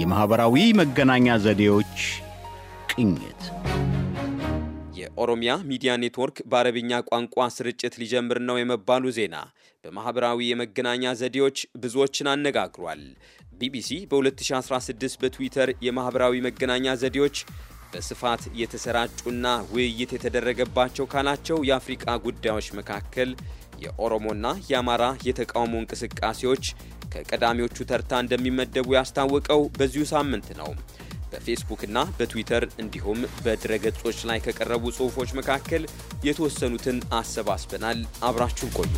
የማኅበራዊ መገናኛ ዘዴዎች ቅኝት የኦሮሚያ ሚዲያ ኔትወርክ በአረብኛ ቋንቋ ስርጭት ሊጀምር ነው የመባሉ ዜና በማኅበራዊ የመገናኛ ዘዴዎች ብዙዎችን አነጋግሯል። ቢቢሲ በ2016 በትዊተር የማኅበራዊ መገናኛ ዘዴዎች በስፋት የተሰራጩና ውይይት የተደረገባቸው ካላቸው የአፍሪቃ ጉዳዮች መካከል የኦሮሞና የአማራ የተቃውሞ እንቅስቃሴዎች ከቀዳሚዎቹ ተርታ እንደሚመደቡ ያስታወቀው በዚሁ ሳምንት ነው። በፌስቡክና በትዊተር እንዲሁም በድረገጾች ላይ ከቀረቡ ጽሑፎች መካከል የተወሰኑትን አሰባስበናል። አብራችሁን ቆዩ።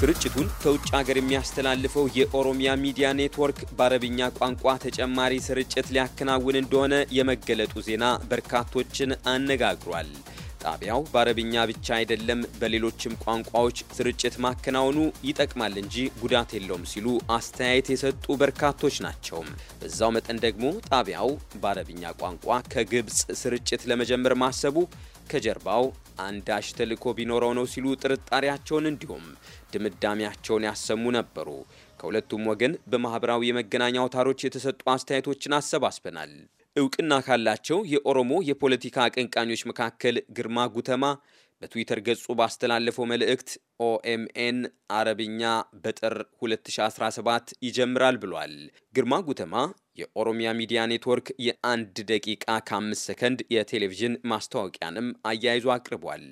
ስርጭቱን ከውጭ ሀገር የሚያስተላልፈው የኦሮሚያ ሚዲያ ኔትወርክ በአረብኛ ቋንቋ ተጨማሪ ስርጭት ሊያከናውን እንደሆነ የመገለጡ ዜና በርካቶችን አነጋግሯል። ጣቢያው በአረብኛ ብቻ አይደለም በሌሎችም ቋንቋዎች ስርጭት ማከናወኑ ይጠቅማል እንጂ ጉዳት የለውም ሲሉ አስተያየት የሰጡ በርካቶች ናቸው። በዛው መጠን ደግሞ ጣቢያው በአረብኛ ቋንቋ ከግብፅ ስርጭት ለመጀመር ማሰቡ ከጀርባው አንዳች ተልዕኮ ቢኖረው ነው ሲሉ ጥርጣሬያቸውን እንዲሁም ድምዳሜያቸውን ያሰሙ ነበሩ። ከሁለቱም ወገን በማኅበራዊ የመገናኛ አውታሮች የተሰጡ አስተያየቶችን አሰባስበናል። እውቅና ካላቸው የኦሮሞ የፖለቲካ አቀንቃኞች መካከል ግርማ ጉተማ በትዊተር ገጹ ባስተላለፈው መልእክት ኦኤምኤን አረብኛ በጥር 2017 ይጀምራል ብሏል። ግርማ ጉተማ የኦሮሚያ ሚዲያ ኔትወርክ የአንድ ደቂቃ ከአምስት ሰከንድ የቴሌቪዥን ማስታወቂያንም አያይዞ አቅርቧል።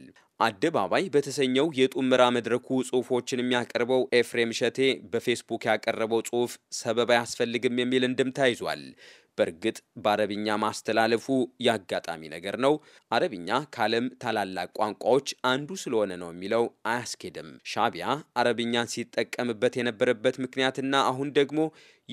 አደባባይ በተሰኘው የጡምራ መድረኩ ጽሑፎችን የሚያቀርበው ኤፍሬም ሸቴ በፌስቡክ ያቀረበው ጽሑፍ ሰበብ አያስፈልግም የሚል እንድምታ ይዟል። በእርግጥ በአረብኛ ማስተላለፉ ያጋጣሚ ነገር ነው። አረብኛ ከዓለም ታላላቅ ቋንቋዎች አንዱ ስለሆነ ነው የሚለው አያስኬድም። ሻቢያ አረብኛን ሲጠቀምበት የነበረበት ምክንያትና አሁን ደግሞ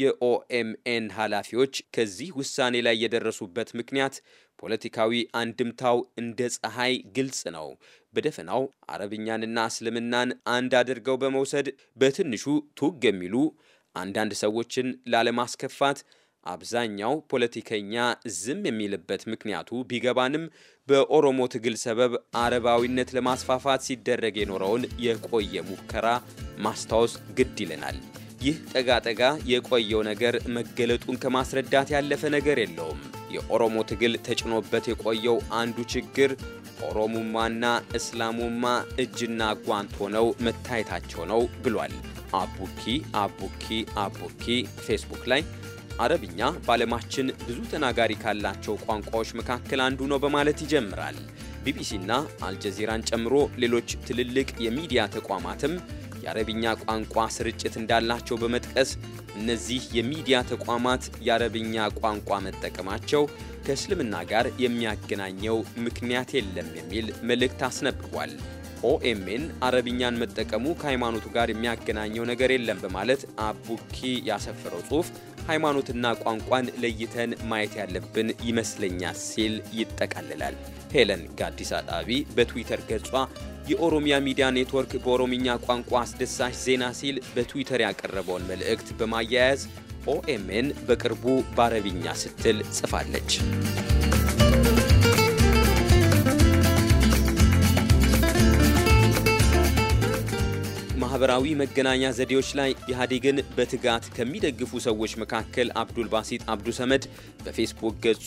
የኦኤምኤን ኃላፊዎች ከዚህ ውሳኔ ላይ የደረሱበት ምክንያት ፖለቲካዊ አንድምታው እንደ ፀሐይ ግልጽ ነው። በደፈናው አረብኛንና እስልምናን አንድ አድርገው በመውሰድ በትንሹ ቱግ የሚሉ አንዳንድ ሰዎችን ላለማስከፋት አብዛኛው ፖለቲከኛ ዝም የሚልበት ምክንያቱ ቢገባንም በኦሮሞ ትግል ሰበብ አረባዊነት ለማስፋፋት ሲደረግ የኖረውን የቆየ ሙከራ ማስታወስ ግድ ይለናል። ይህ ጠጋጠጋ የቆየው ነገር መገለጡን ከማስረዳት ያለፈ ነገር የለውም። የኦሮሞ ትግል ተጭኖበት የቆየው አንዱ ችግር ኦሮሙማና እስላሙማ እጅና ጓንት ሆነው መታየታቸው ነው ብሏል። አቡኪ አቡኪ አቡኪ ፌስቡክ ላይ አረብኛ በዓለማችን ብዙ ተናጋሪ ካላቸው ቋንቋዎች መካከል አንዱ ነው በማለት ይጀምራል። ቢቢሲና አልጀዚራን ጨምሮ ሌሎች ትልልቅ የሚዲያ ተቋማትም የአረብኛ ቋንቋ ስርጭት እንዳላቸው በመጥቀስ እነዚህ የሚዲያ ተቋማት የአረብኛ ቋንቋ መጠቀማቸው ከእስልምና ጋር የሚያገናኘው ምክንያት የለም የሚል መልእክት አስነብቧል። ኦኤምኤን አረብኛን መጠቀሙ ከሃይማኖቱ ጋር የሚያገናኘው ነገር የለም በማለት አቡኪ ያሰፈረው ጽሑፍ ሃይማኖትና ቋንቋን ለይተን ማየት ያለብን ይመስለኛል ሲል ይጠቃልላል። ሄለን ጋዲስ አጣቢ በትዊተር ገጿ የኦሮሚያ ሚዲያ ኔትወርክ በኦሮምኛ ቋንቋ አስደሳች ዜና ሲል በትዊተር ያቀረበውን መልእክት በማያያዝ ኦኤምኤን በቅርቡ በአረብኛ ስትል ጽፋለች። ማህበራዊ መገናኛ ዘዴዎች ላይ ኢህአዴግን በትጋት ከሚደግፉ ሰዎች መካከል አብዱል ባሲጥ አብዱ ሰመድ በፌስቡክ ገጹ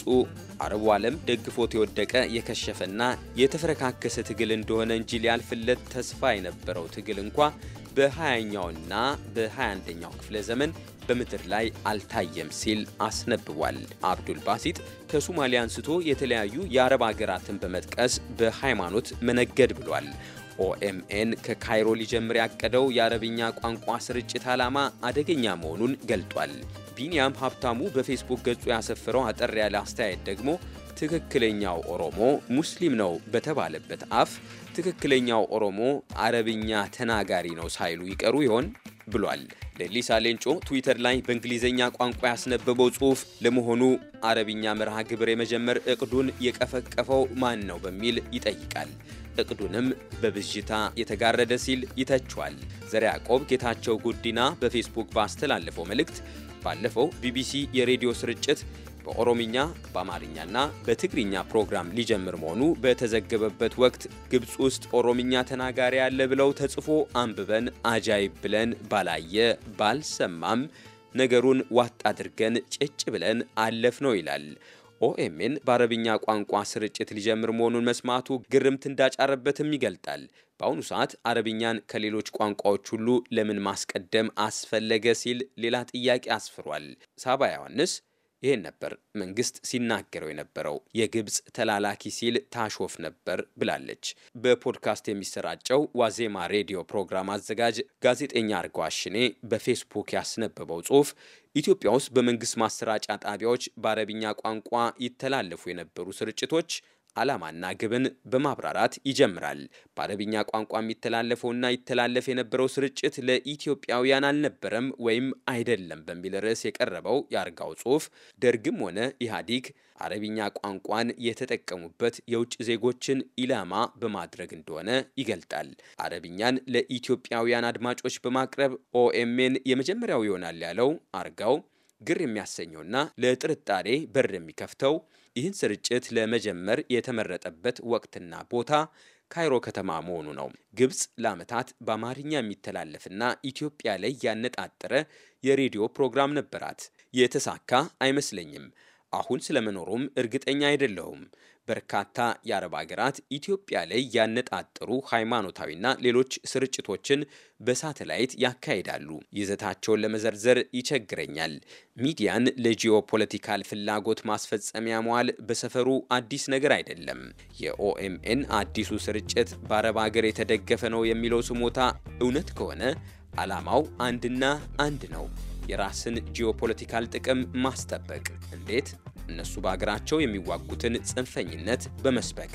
አረቡ ዓለም ደግፎት የወደቀ የከሸፈና የተፈረካከሰ ትግል እንደሆነ እንጂ ሊያልፍለት ተስፋ የነበረው ትግል እንኳ በ20ኛውና በ21ኛው ክፍለ ዘመን በምድር ላይ አልታየም ሲል አስነብቧል። አብዱል ባሲጥ ከሱማሊያ አንስቶ የተለያዩ የአረብ ሀገራትን በመጥቀስ በሃይማኖት መነገድ ብሏል። ኦኤምኤን ከካይሮ ሊጀምር ያቀደው የአረብኛ ቋንቋ ስርጭት ዓላማ አደገኛ መሆኑን ገልጧል። ቢኒያም ሀብታሙ በፌስቡክ ገጹ ያሰፈረው አጠር ያለ አስተያየት ደግሞ ትክክለኛው ኦሮሞ ሙስሊም ነው በተባለበት አፍ ትክክለኛው ኦሮሞ አረብኛ ተናጋሪ ነው ሳይሉ ይቀሩ ይሆን ብሏል። ሌሊሳ ሌንጮ ትዊተር ላይ በእንግሊዝኛ ቋንቋ ያስነበበው ጽሑፍ ለመሆኑ አረብኛ መርሃ ግብር የመጀመር እቅዱን የቀፈቀፈው ማን ነው በሚል ይጠይቃል። እቅዱንም በብዥታ የተጋረደ ሲል ይተቸዋል። ዘረ ያዕቆብ ጌታቸው ጉዲና በፌስቡክ ባስተላለፈው መልእክት ባለፈው ቢቢሲ የሬዲዮ ስርጭት በኦሮምኛ በአማርኛና በትግርኛ ፕሮግራም ሊጀምር መሆኑ በተዘገበበት ወቅት ግብፅ ውስጥ ኦሮምኛ ተናጋሪ ያለ ብለው ተጽፎ አንብበን አጃይብ ብለን ባላየ ባልሰማም ነገሩን ዋጥ አድርገን ጭጭ ብለን አለፍ ነው ይላል። ኦኤምኤን በአረብኛ ቋንቋ ስርጭት ሊጀምር መሆኑን መስማቱ ግርምት እንዳጫረበትም ይገልጣል። በአሁኑ ሰዓት አረብኛን ከሌሎች ቋንቋዎች ሁሉ ለምን ማስቀደም አስፈለገ ሲል ሌላ ጥያቄ አስፍሯል። ሳባ ዮሐንስ ይህን ነበር መንግስት ሲናገረው የነበረው። የግብፅ ተላላኪ ሲል ታሾፍ ነበር ብላለች። በፖድካስት የሚሰራጨው ዋዜማ ሬዲዮ ፕሮግራም አዘጋጅ ጋዜጠኛ አርገው አሽኔ በፌስቡክ ያስነበበው ጽሁፍ ኢትዮጵያ ውስጥ በመንግስት ማሰራጫ ጣቢያዎች በአረብኛ ቋንቋ ይተላለፉ የነበሩ ስርጭቶች ዓላማና ግብን በማብራራት ይጀምራል። በአረብኛ ቋንቋ የሚተላለፈውና ይተላለፍ የነበረው ስርጭት ለኢትዮጵያውያን አልነበረም ወይም አይደለም በሚል ርዕስ የቀረበው የአርጋው ጽሑፍ ደርግም ሆነ ኢህአዲግ አረብኛ ቋንቋን የተጠቀሙበት የውጭ ዜጎችን ኢላማ በማድረግ እንደሆነ ይገልጣል። አረብኛን ለኢትዮጵያውያን አድማጮች በማቅረብ ኦኤምኤን የመጀመሪያው ይሆናል ያለው አርጋው ግር የሚያሰኘውና ለጥርጣሬ በር የሚከፍተው ይህን ስርጭት ለመጀመር የተመረጠበት ወቅትና ቦታ ካይሮ ከተማ መሆኑ ነው። ግብጽ ለዓመታት በአማርኛ የሚተላለፍና ኢትዮጵያ ላይ ያነጣጠረ የሬዲዮ ፕሮግራም ነበራት። የተሳካ አይመስለኝም። አሁን ስለመኖሩም እርግጠኛ አይደለሁም። በርካታ የአረብ ሀገራት ኢትዮጵያ ላይ ያነጣጠሩ ሃይማኖታዊና ሌሎች ስርጭቶችን በሳተላይት ያካሂዳሉ። ይዘታቸውን ለመዘርዘር ይቸግረኛል። ሚዲያን ለጂኦፖለቲካል ፍላጎት ማስፈጸሚያ መዋል በሰፈሩ አዲስ ነገር አይደለም። የኦኤምኤን አዲሱ ስርጭት በአረብ ሀገር የተደገፈ ነው የሚለው ስሞታ እውነት ከሆነ ዓላማው አንድና አንድ ነው፣ የራስን ጂኦፖለቲካል ጥቅም ማስጠበቅ። እንዴት? እነሱ በሀገራቸው የሚዋጉትን ጽንፈኝነት በመስበክ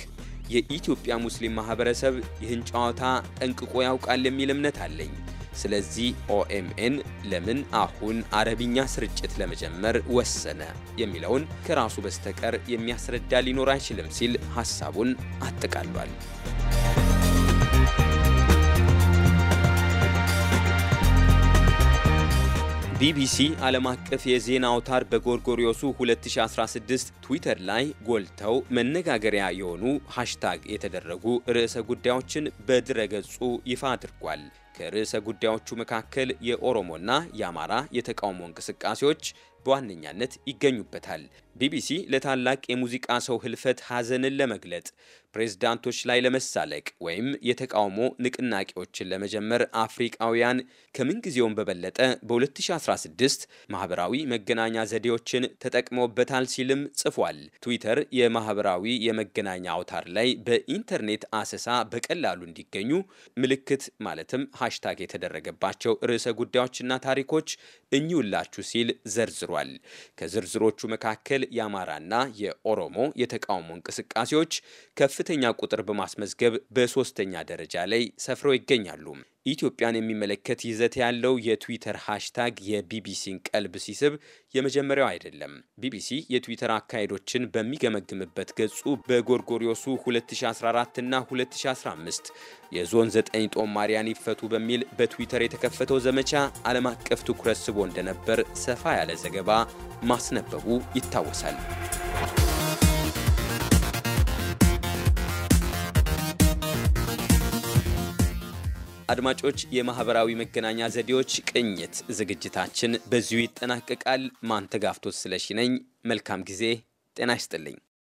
የኢትዮጵያ ሙስሊም ማህበረሰብ ይህን ጨዋታ ጠንቅቆ ያውቃል የሚል እምነት አለኝ። ስለዚህ ኦኤምኤን ለምን አሁን አረብኛ ስርጭት ለመጀመር ወሰነ የሚለውን ከራሱ በስተቀር የሚያስረዳ ሊኖር አይችልም ሲል ሀሳቡን አጠቃሏል። ቢቢሲ ዓለም አቀፍ የዜና አውታር በጎርጎሪዮሱ 2016 ትዊተር ላይ ጎልተው መነጋገሪያ የሆኑ ሃሽታግ የተደረጉ ርዕሰ ጉዳዮችን በድረገጹ ይፋ አድርጓል። ከርዕሰ ጉዳዮቹ መካከል የኦሮሞና የአማራ የተቃውሞ እንቅስቃሴዎች በዋነኛነት ይገኙበታል። ቢቢሲ ለታላቅ የሙዚቃ ሰው ህልፈት ሐዘንን ለመግለጥ ፕሬዝዳንቶች ላይ ለመሳለቅ ወይም የተቃውሞ ንቅናቄዎችን ለመጀመር አፍሪቃውያን ከምንጊዜውም በበለጠ በ2016 ማህበራዊ መገናኛ ዘዴዎችን ተጠቅመውበታል ሲልም ጽፏል። ትዊተር የማህበራዊ የመገናኛ አውታር ላይ በኢንተርኔት አሰሳ በቀላሉ እንዲገኙ ምልክት ማለትም ሃሽታግ የተደረገባቸው ርዕሰ ጉዳዮችና ታሪኮች እኚውላችሁ ሲል ዘርዝሩ ተናግሯል። ከዝርዝሮቹ መካከል የአማራና የኦሮሞ የተቃውሞ እንቅስቃሴዎች ከፍተኛ ቁጥር በማስመዝገብ በሶስተኛ ደረጃ ላይ ሰፍረው ይገኛሉ። ኢትዮጵያን የሚመለከት ይዘት ያለው የትዊተር ሃሽታግ የቢቢሲን ቀልብ ሲስብ የመጀመሪያው አይደለም። ቢቢሲ የትዊተር አካሄዶችን በሚገመግምበት ገጹ በጎርጎሪዮሱ 2014 እና 2015 የዞን 9 ጦማሪያን ይፈቱ በሚል በትዊተር የተከፈተው ዘመቻ ዓለም አቀፍ ትኩረት ስቦ እንደነበር ሰፋ ያለ ዘገባ ማስነበቡ ይታወሳል። አድማጮች፣ የማህበራዊ መገናኛ ዘዴዎች ቅኝት ዝግጅታችን በዚሁ ይጠናቀቃል። ማንተጋፍቶት ስለሺ ነኝ። መልካም ጊዜ። ጤና ይስጥልኝ።